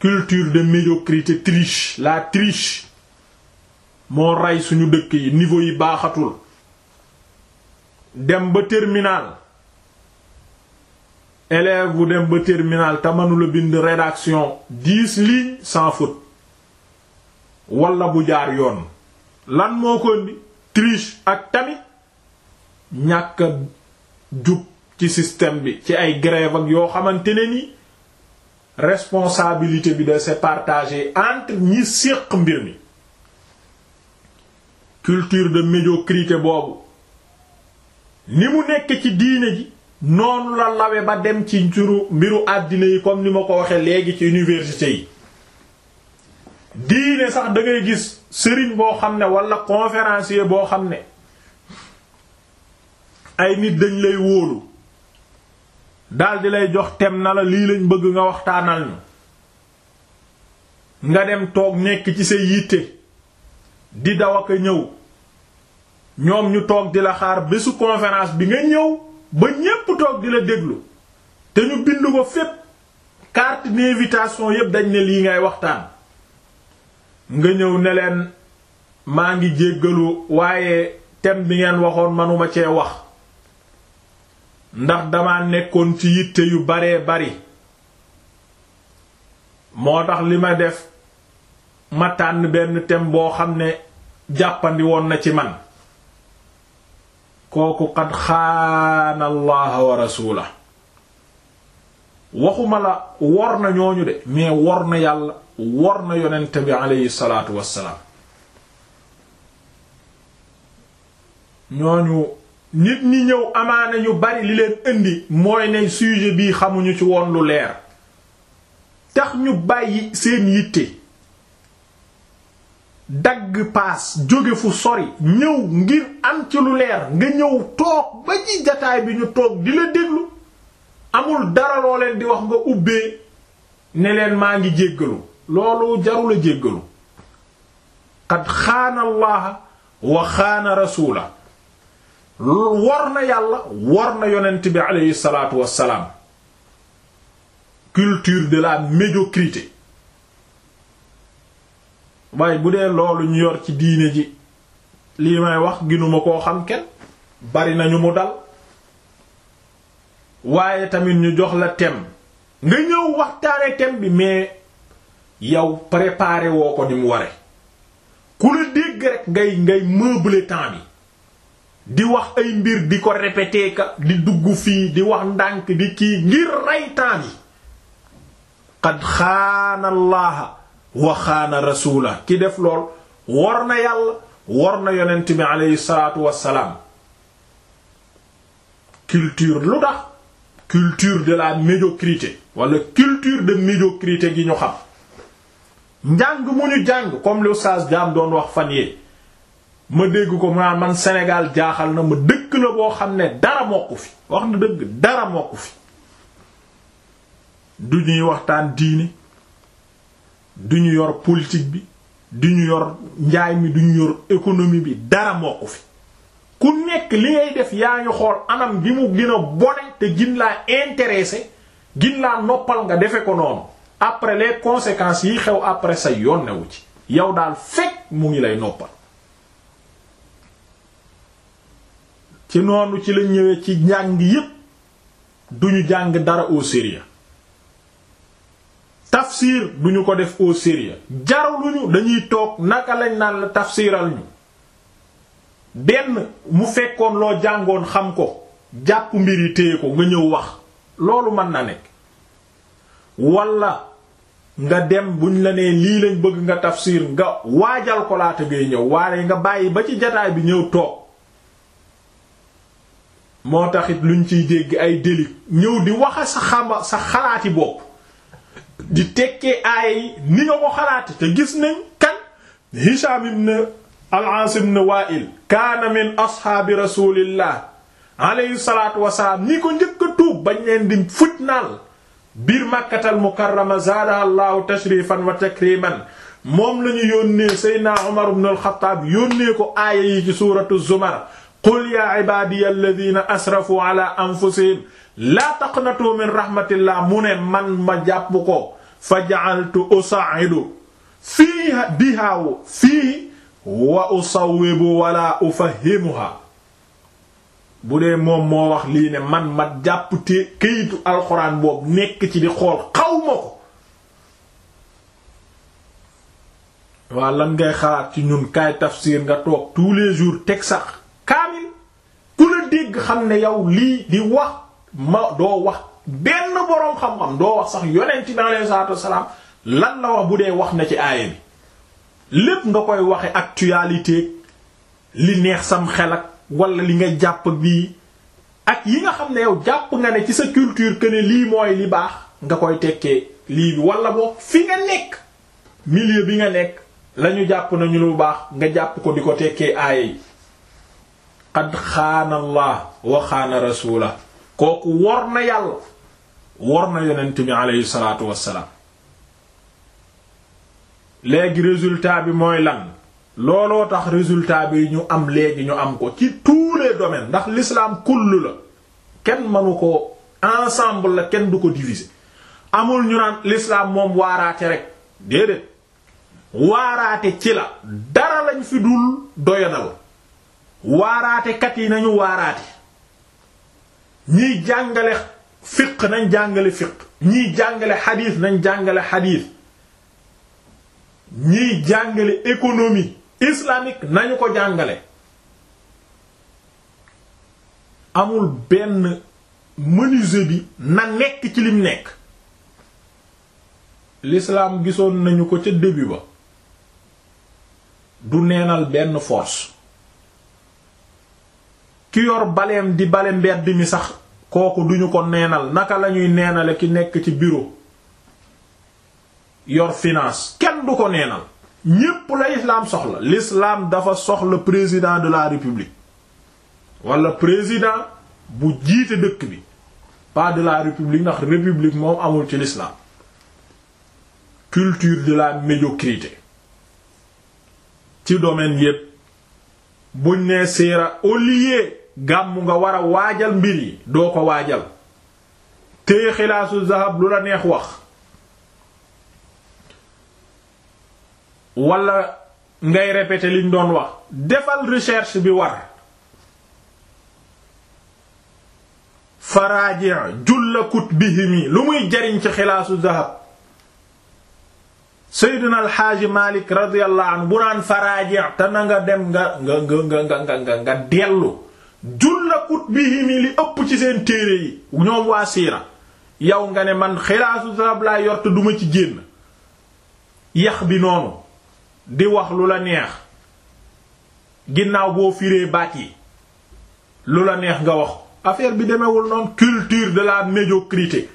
culture de médiocrité triche la triche moo ray suñu dëkk yi niveau yi baaxatul dem ba terminal élève bu dem ba terminal te mënula bind rédaction dix lignes sans faute walla bu jaar yoon lan moo ko triche ak tamit ñàkk jub ci système bi ci ay grève ak yoo xamante ne ni responsabilité bi de se partager entre ñi séq mbir mi culture de médiocrité boobu ni mu nekk ci diine ji noonu la lawe ba dem ci njuru mbiru àddina yi comme ni ma ko waxee léegi ci université yi diine sax da ngay gis sëriñ boo xam ne wala conférencier boo xam ne ay nit dañ lay wóolu daldi lay jox tem na la lii lañ bëgg nga waxtaanal ñu nga dem toog nekk ci sa yitte di daw ak ñëw ñoom ñu toog di la xaar bésu conférence bi nga ñëw ba ñépp toog di la déglu te ñu bind ko fépp carte d'invitation yépp dañ ne lii ngay waxtaan nga ñëw ne leen maa ngi jéggalu waaye thème bi ngeen waxoon manuma cee wax ndax dama nekkoon ci yitte yu bare bari moo tax li ma def ma tànn benn thème boo xam ne jàppandiwoon na ci man kooku qad xaana wa rasula waxuma la wor na ñooñu de mais wor na yàlla wor na yonent bi aleyhi salaatu wassalaam ñooñu nit ñi ñëw amaana ñu bari li leen indi mooy ne sujet bii xamuñu ci woon lu leer tax ñu bàyyi seen yitte dagg paas jóge fu sori ñëw ngir am ci lu leer nga ñëw toog ba ci jataay bi ñu toog di déglu amul dara loo di wax nga ubbee ne leen maa ngi jéggalu loolu jarula jéggalu qad xaana wa xaana rasula war na yàlla war na yonent bi aleyhi salaatu wassalaam culture de la médiocrité waaye bu dee loolu ñu yor ci diine ji lii may wax ginuma koo xam kenn bari nañu mu dal waaye tamit ñu jox la thème nga ñëw waxtaane thème bi mais yow préparé woo ko ni mu ware ku la dégg rek ngay ngay meubler temps bi di wax ay mbir di ko répéter ka di dugg fii di wax ndànk di kii ngir rey temps bi qad xaana allaha wa xaana rasula ki def lool war na yàlla war na yonent bi aleyhi salaatu wassalaam culture lu tax culture de la médiocrité wala culture de médiocrité gi ñu xam njàng mu ñu jàng comme l'Oustaz Diam doon wax fan yi ma dégg ko mu naan man Sénégal jaaxal na ma dëkk na boo xam ne dara mokku fi wax na dëgg dara mokku fi du ñuy waxtaan diine duñu yor politique bi du yor njaay mi du ñu yor économie bi dara mokku fi ku nekk li ngay def yaa ngi xool anam bi mu gën a bone te gin laa intéressé gin laa noppal nga defe ko noonu après les conséquences yi xew après sa yoon newu ci yow daal fekk mu ngi lay noppal ci noonu ci lañ ñëwee ci njàng yépp duñu jàng dara au sérieux tafsir duñu ko def au sérieux jaruluñu dañuy toog naka lañ naan la tafsiral ñu benn mu fekkoon loo jàngoon xam ko jàpp mbir yi téye ko nga ñëw wax loolu mën na nekk walla nga dem buñ la nee lii lañ bëgg nga tafsir nga waajal ko laata ngay ñëw waaye nga bàyyi ba ci jataay bi ñëw toog moo taxit luñ ci dégg ay délit ñëw di waxa sa sa xalaati bopp di tekkee aay ni nga ko xalaati te gis nañ kan Hisham ibn al-As ibn Wa'il kaana min ashaabi rasulillah alayhi ko njëkk tuub bañ leen di fitnaal biir Makkatal Mukarrama zaadaha allahu tashrifan wa takriman moom la ñu yónnee Seydina Umar ibn al yónnee ko aaya yi ci suuratu Zumar qul yaa ibadiya alladina asrafu ala anfusihim laa taqnatu min rahmatillah mu ne man ma jàpp ko fa ja'altu usaidu fii dihaawu fii wa usawibu wala ufahimuha bu dee moom moo wax lii ne man ma jàpp te këyitu alxuraan boobu nekk ci di xool xaw ko waa lan ngay xalaat ci ñun kaay tafsir nga toog tous les jours teg sax dégg xam ne yow lii di wax ma doo wax benn boroom xam-xam doo wax sax yonent bi alayhi salaatu wassalaam lan la wax bu dee wax na ci aaya bi lépp nga koy waxe actualité li neex sam xel ak wala li nga jàpp bii ak yi nga xam ne yow jàpp nga ne ci sa culture que ne lii mooy li baax nga koy tekkee lii bi wala boo fi nga nekk milieu bi nga nekk lañu jàpp nañu lu baax nga jàpp ko di ko tekkee aaya yi qad xaana wa xaana rasula kooku wor na yàlla wor na yonent bi aleyhi salaatu wassalaam léegi résultat bi mooy lan looloo tax résultat bi ñu am léegi ñu am ko ci tous les ndax l'islam kullu la kenn mënu ko ensemble la kenn du ko diviser amul ñu naan l'islam moom waaraate rek déedéet waaraate ci la dara lañ fi dul doyanal waaraatekat yi nañu waaraate ñiy jàngale fiq nañ jàngale fiq ñiy jàngale xadiis nañ jàngale xadiis ñiy jàngale économie islamique nañu ko jàngale amul benn menuisier bi na nekk ci lim nekk l'islam gisoon nañu ko ca début ba du neenal benn force ki yor baleem di bale mbedd mi sax kooku duñu ko neenal naka lañuy neenale ki nekk ci biro yor finance kenn du ko neenal ñépp la islaam soxla l'islaam dafa soxla président de la république wala président bu jiite dëkk bi pas de la république ndax république moom amul ci l'islam culture de la médiocrité ci domaine yépp buñ nee siira au gàmmu nga war a waajal mbir yi doo ko waajal téye xilaasu zahab lu la neex wax wala ngay répéter liñ doon wax defal recherche bi war farajin julla kutbihim yi lu muy jariñ ci xilaasu zahab seydina alxaaji malik radiyallahu anhu bu naan te na nga dem nga nga nga nga nga nga dellu kutbihim li ëpp ci seen téere yi ñoom waa siira yow nga ne man xilaasu sarab laa yor te duma ci génn yax bi noonu di wax lu la neex ginnaaw boo firee baat yi lu la neex nga wax affaire bi demewul noonu culture de la médiocrité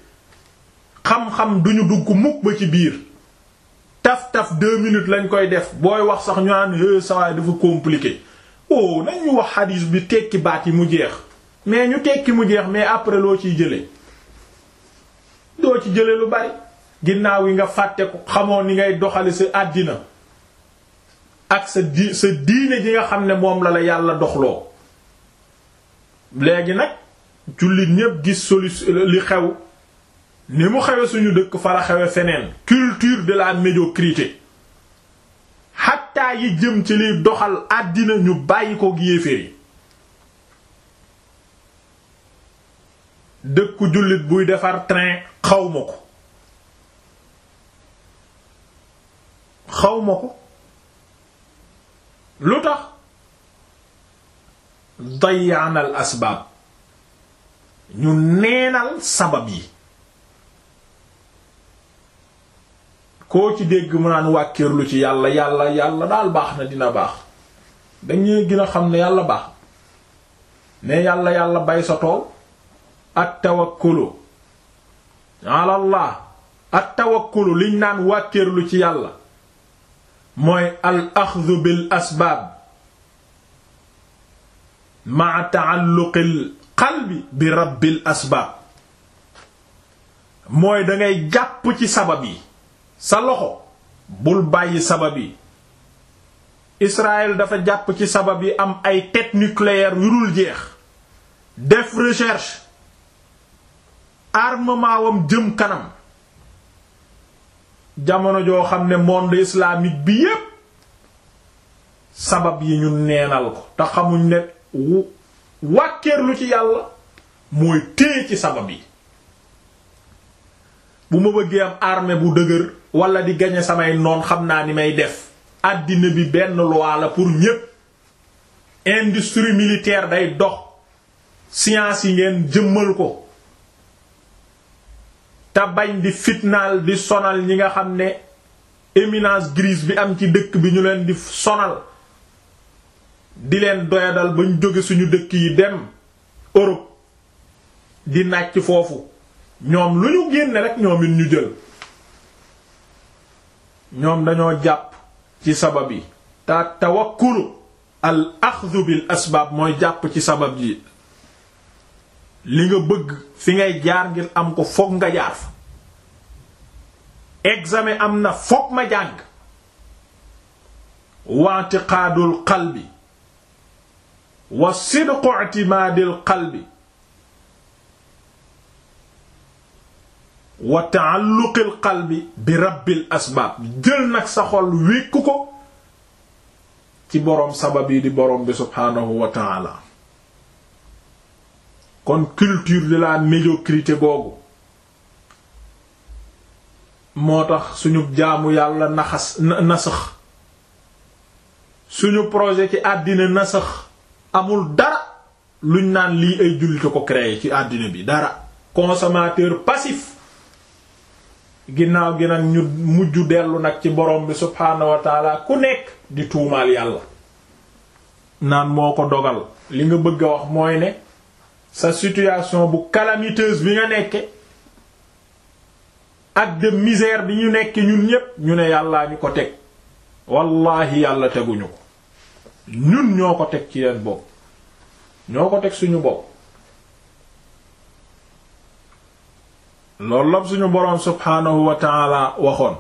xam-xam duñu dugg mukk ba ci biir taf-taf deux lañ koy def booy wax sax ñu naan é eh, sawaay dafa compliqué oh nañu wax xadiis bi tekki baat yi mu jeex mais ñu tekki mu jeex mais après loo ciy jële doo ci jële lu bari ginnaaw yi nga fàtte xamoo ni ngay doxale si àddina ak sa di sa diine ji nga xam ne moom la la yàlla doxloo léegi nag jullit ñépp gis solution li xew ni mu xewe suñu dëkk fara xewe feneen culture de la médiocrité xattaa yi jëm ci liy doxal àddina ñu bàyyi ko yéeféer yi dëkku jullit buy defar train xawma ko xawma ko lu tax dayaanal asbaab ñu neenal sabab yi koo ci dégg mu naan wàkkiirlu ci yàlla yàlla yàlla daal baax na dina baax dañuy gën a xam ne yàlla baax mais yàlla yàlla bay sa tool at tawakkulu alallah at liñ naan wàkkeerlu ci yàlla mooy al axdu bil asbaab maa taalluqil qalbi bi rabbil asbaab mooy dangay jàpp ci sabab yi sa loxo bul bàyyi sabab yi Israël dafa jàpp ci sabab yi am ay têtes nucléaires yu dul jeex def recherche armement wam jëm kanam jamono joo xam ne monde islamique bi yépp sabab yi ñu neenal ko te xamuñ ne wàkkeerlu ci yàlla mooy téye ci sabab yi bu ma bëggee am armée bu dëgër wala di gañe samay noon xam naa ni may def àddina bi benn loi pour ñépp industrie militaire day dox science yi ngeen jëmmal ko te bañ di fitnaal di sonal ñi nga xam ne éminence grise bi am ci dëkk bi ñu leen di sonal di leen doyadal bañ jóge suñu dëkk yi dem Europe di nàcc foofu ñoom lu ñu génne rek ñoom ñu jël ñoom dañoo jàpp ci sabab yi te tawakkulu al axdu asbaab mooy jàpp ci sabab yi li nga bëgg fi ngay jaar ngir am ko fokk nga jaar fa examen am na fokk ma jàng waatiqaadul qalbi wa sidqu i'timaadil qalbi wa taalluqil qalbi bi rabbil asbaab jël nag sa xol wékku ko ci boroom sabab yi di boroom bi subhaanahu wa taala kon culture de la médiocrité googu moo tax suñu jaamu yàlla naxas nasax suñu projet ci àddina nasax amul dara luñ naan lii ay jullite ko créer ci àddina bi dara consommateur passif ginnaaw gi nag ñu mujj dellu nag ci borom bi subhaanahu wa ku nekk di tuumaal yàlla naan moo ko dogal li nga bëgg a wax mooy ne sa situation bu calamiteuse bi nga nekke ak de misère bi ñu nekke ñun ñépp ñu ne yàllaa ñu ko teg wallaahi yàlla teguñu ko ñun ñoo ko teg ci leen bopp ñoo ko teg suñu bopp loolu la suñu boroom subhaanahu wa waxoon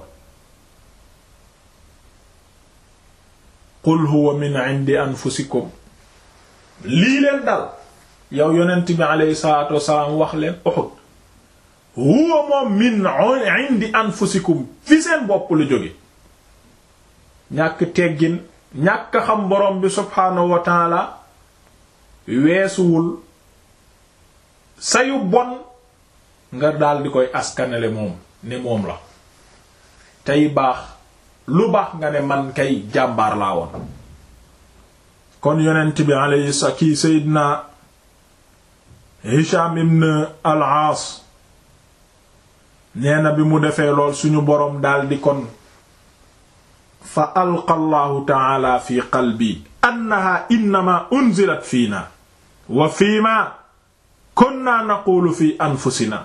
qul huwa min indi anfusikum lii leen dal yow yonent bi aleyhi salaatu wasalaam wax leen Uhud huwa moom min indi anfusikum fi seen bopp la jóge ñàkk teggin ñàkk xam borom bi subhaanahu wa weesuwul sayu bon nga daldi koy askanale moom ne moom la tey baax lu baax nga ne man kay jàmbaar laa woon kon yonent bi alayhi sa kii sayyidina Hisham ibn nee na bi mu defee lool suñu boroom daldi kon fa alqa allahu taala fi qalbi annaha innama unzilat fiina wa fiima kunna naqulu fi anfusina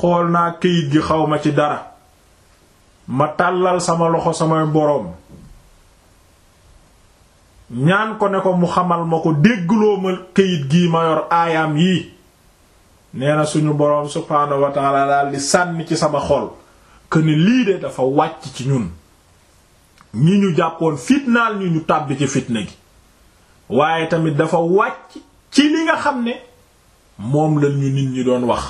xool naa këyit gi xawma ci dara ma tàllal sama loxo samay boroom ñaan ko ne ko mu xamal ma ko déggloo ma këyit gii ma yor aayaam yii nee na suñu boroom subhaanahu wa di sànni ci sama xol këni lii de dafa wàcc ci ñun ñi ñu jàppoon fitnaal ñu ñu tàbbi ci fitna gi waaye tamit dafa wàcc ci li nga xam ne moom la ñu nit ñi doon wax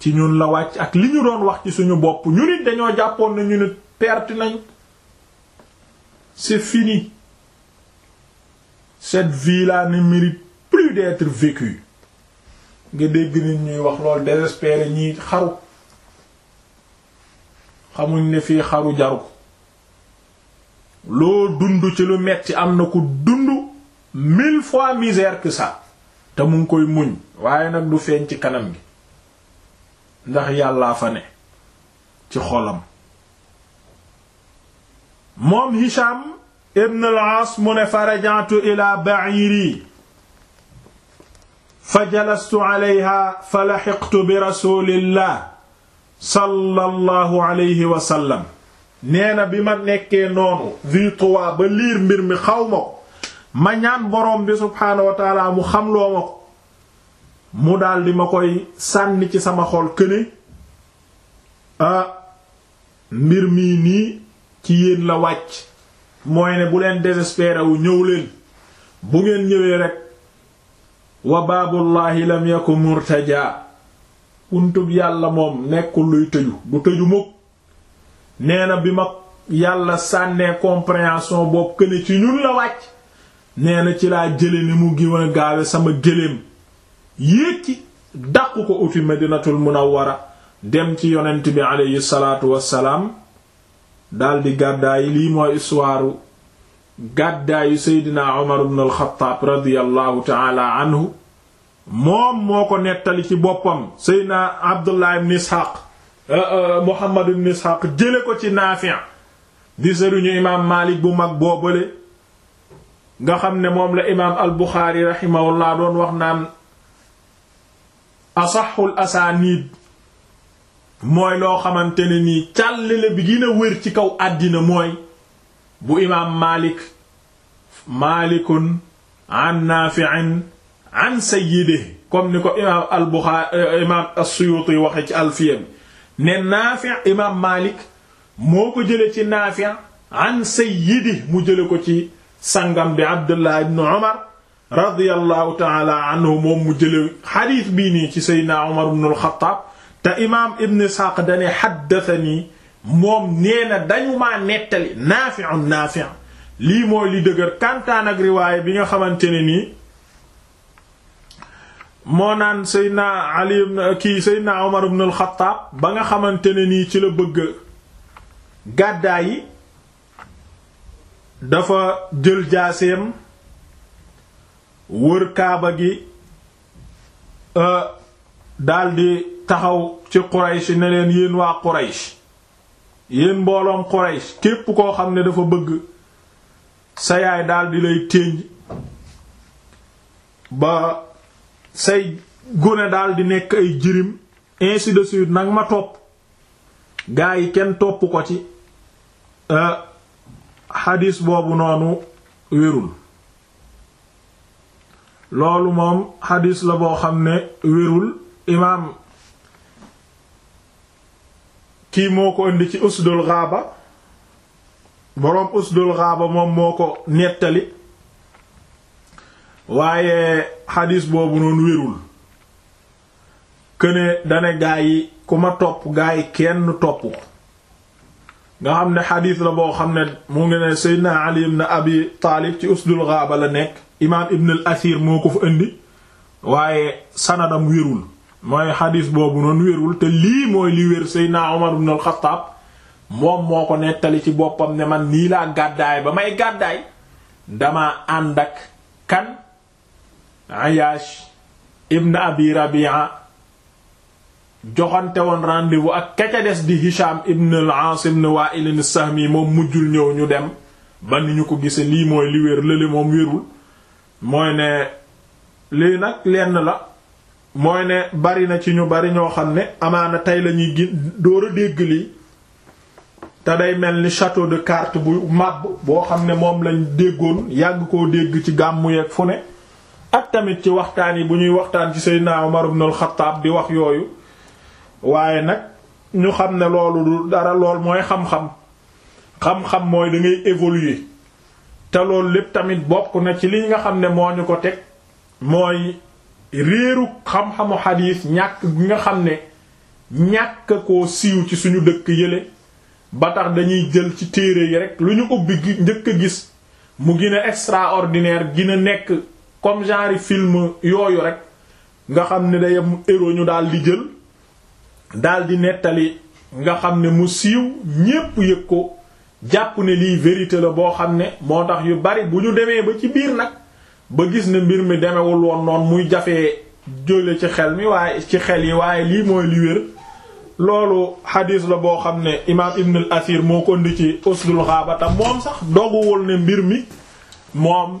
ci ñun la wàcc ak li ñu doon wax ci suñu bopp ñu nit dañoo jàppoon na ñu nit perte nañ c'est fini set vie-là ne mérite plus d'être vécue nga dégg nit ñuy wax lool désespéré ñi xaru xamuñ ne fi xaru jaru loo dund ci lu metti am na ko dund mille fois misère que ça te mun koy muñ waaye nag du feeñ ci kanam gi ndax yàllaa fa ne ci xolam moom Hisham ibn al-As mu ne farajantu ila ba'iri fa jalastu alayha fa laxiqtu bi rasulillah sallallahu alayhi wa sallam bi ma nekkee noonu vi ba liir mbir mi xaw ma ko ma ñaan boroom bi subhaanahu wa mu xamloo ma ko mu daldi ma koy sànni ci sama xol këne ah, mbir mii nii ci yéen la wàcc mooy ne bu leen désespéré wu ñëw leen bu ngeen ñëwee rekk wa baabullaahi lam yaku murtaja buntub yàlla moom nekkul luy tëju du tëju mukk nee na bi ma yàlla sànnee compréhension boobu këne ci ñun la wàcc nee na ci laa jële ni mu giw gaawe sama géléem yéeg ci dàq ko uti madinatul munawwara dem ci yonent bi aleyhi salaatu daldi gàddaay lii mooy histoire gàddaayu seydina Omar ibn al radiyallahu taala anhu moom moo ko nettali ci boppam seydina Abdullah ibn Ishaq euh, euh, Muhammad ibn Ishaq jële ko ci Naafi' di sëriñu imaam Maalik bu mag boobale nga xam ne moom la imaam al-Buxaari doon wax naan asaxul asaaniid mooy loo xamante ne nii càllale bi gën a wér ci kaw àddina mooy bu imaam Maalik Maalikun an Naafi'in an sayyidihi comme ni ko eh, ci Alfiya ne Naafi' imaam Maalik moo ko jële ci Naafi' an sayyidihi mu jële ko ci sangam bi Abdullah ibn Umar radiyallahu ta'ala anhu moom mu jële xadiis bii ci Seydina Umar ibn al te imaam Ibn Isxaaq dane xaddatani moom nee na dañu maa nettali naafiun naafi' lii mooy li dëgër kantaan ak riwaaya bi nga xamante ne nii moo naan Seydina Ali ibn kii Seydina Omar ibn al ba nga xamante nii ci la bëgg gàddaay yi dafa jël jaaseem wër kaaba gi. Euh, daldi taxaw ci Quraysh ne leen yéen waa Quraysh yéen mbooloom Quraysh képp koo xam ne dafa bëgg sa yaay daldi lay ténj ba say gone daldi nekk ay jirim ainsi de suite nag ma topp gaa yi kenn topp ko ci euh, xadis boobu noonu wérul loolu moom xadis la boo xam ne wérul imaam kii moo ko indi ci usdul xaaba boroom usdul xaaba moom moo ko nettali waaye xadiis boobu noonu wérul këne dane gaa yi ku ma topp gaa yi kenn topp ko nga xam ne xadiis la boo xam ne mu ngi ne seydna ali ibn abi taalib ci usdul xaaba la nekk imaam ibn al asiir moo ko fa indi waaye sanadam wérul mooy xadis boobu noonu wérul te lii mooy li wér Seydina Umar ibn al moom moo ko nettali ci boppam ne man nii laa gàddaay ba may gàddaay dama ànd ak kan Ayash ibn Abi Rabi'a joxante woon rendez-vous ak ka des di Hisham ibn al-As ibn Wa'il as-Sahmi moom mujjul ñëw ñu dem ba ni ñu ko gisee lii mooy li wér lële moom wérul mooy ne lii nag lenn la mooy ne bari na ci ñu bari ñoo xam ne amaana tey lañuy ñuy gin door a dégg lii te day mel ni château de cartes bu màbb boo xam ne moom lañ déggoon yàgg koo dégg ci gàmmu yeeg fu ne ak tamit ci waxtaan yi bu ñuy waxtaan ci Seydina Umar ibn al-Khattab di wax yooyu waaye nag ñu xam ne loolu du dara lool mooy xam-xam xam-xam mooy da ngay te loolu lépp tamit bokk na ci li nga xam ne moo ñu ko teg mooy réeru xam-xamu xadiis ñàkk gi nga xam ne ñàkk koo siiw ci suñu dëkk yële ba tax dañuy jël ci téere yi rekk lu ñu ubbi njëkk a gis mu gën a extraordinaire gën nekk comme genre film yooyu rek nga xam ne day am héros ñu daal di jël daldi nettali nga xam ne mu siiw ñépp yëg ko jàpp ne lii vérité la boo xam ne moo tax yu bari bu ñu demee ba ci biir nag ba gis ne mbir mi demewul woon noonu muy jafee jóle ci xel mi waaye ci xel yi waaye lii mooy li wér loolu xadiis la boo xam ne imaam Ibn al Asir moo ko indi ci usdul xaaba te moom sax dogguwul ne mbir mi moom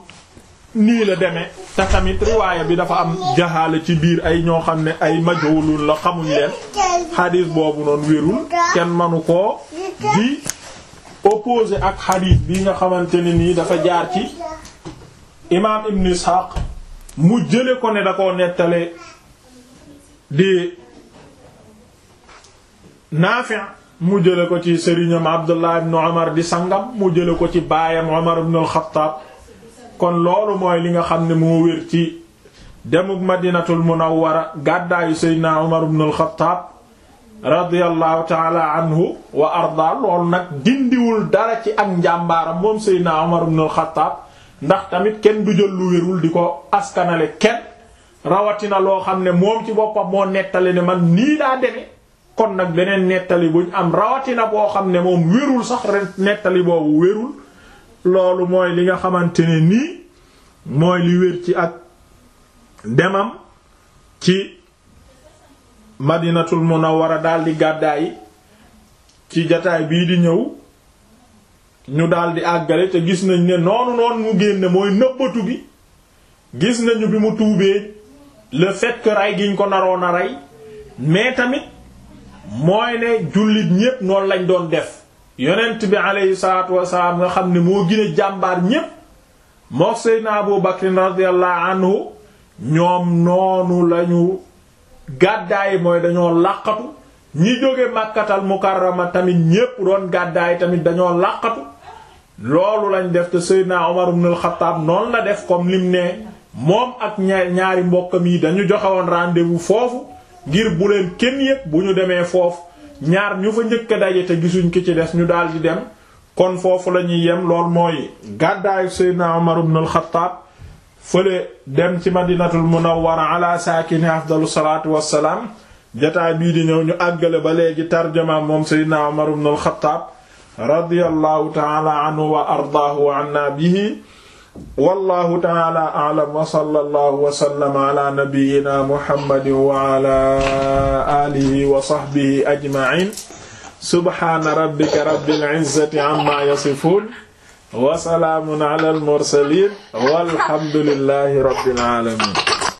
nii la deme te tamit riwaaya bi dafa am jaxaale ci biir ay ñoo xam ne ay majhulun la xamuñ leen xadiis boobu noonu wérul kenn manu ko di opposé ak xadiis bi nga xamante ne nii dafa jaar ci imaam ibn Ishaq mu jële ko ne da koo nettale di Naafi mu jële ko ci sëriñam Abdullah ibn Umar di sangam mu jële ko ci baayam Umar ibn al kon loolu mooy li nga xam ne moo wér ci demuk Madinatul Munawwara gàddaayu Seydina Umar ibn al-Khattab radiyallahu taala anhu wa arda loolu nag dindiwul dara ci ak njàmbaaram moom Seydina Umar ibn al ndax tamit kenn du jël lu wérul di ko askanale kenn rawatina loo xam ne moom ci boppam moo nettali ne man nii daa demee kon nag beneen nettali buñ am rawatina boo xam ne moom wérul sax nettali boobu wérul loolu mooy li nga xamante ne nii mooy li wér ci ak demam ci madinatul a munawwara daal di gàddaay ci jataay bii di ñëw ñu daldi àggale te gis nañ ne noonu noonu mu génne mooy nëbbatu bi gis nañu bi mu tuubee le fait que rey giñ ko naroon a rey mais tamit mooy ne jullit ñépp noonu lañ doon def yonent bi aleyhi salaatu wasalaam nga xam ne moo gën jàmbaar ñépp moo Seydina Abu Bakr radiyallahu anhu ñoom noonu lañu gàddaay mooy dañoo làqatu ñi jóge màkkatal mukarrama tamit ñépp doon gàddaay tamit dañoo làqatu loolu lañ def te Seydina Omar ibn al-Khattab la def comme lim ne moom ak ñaari mbokkam yi dañu joxewoon woon rendez foofu ngir bu leen kenn yëg bu ñu demee foofu ñaar ñu fa njëkk daje te gisuñ ki ci des ñu daal di dem kon foofu la ñuy yem lool mooy gàddaayu Seydina Omar ibn al-Khattab fële dem ci madinatul munawwara ala saakini afdalu salaatu wassalaam jataay bii di ñëw ñu àggale ba léegi tarjama moom Seydina Omar ibn al radiyallahu taala anhu wa ardaahu wa anna bihi wallahu taala a'lam wa sallallahu wa sallama ala nabiyyina muhammadin wa ala alihi wa sahbihi ajma'in subhana rabbika rabbil izzati amma yasifun wa salaamun ala al mursalin walhamdulillahi rabbil alamin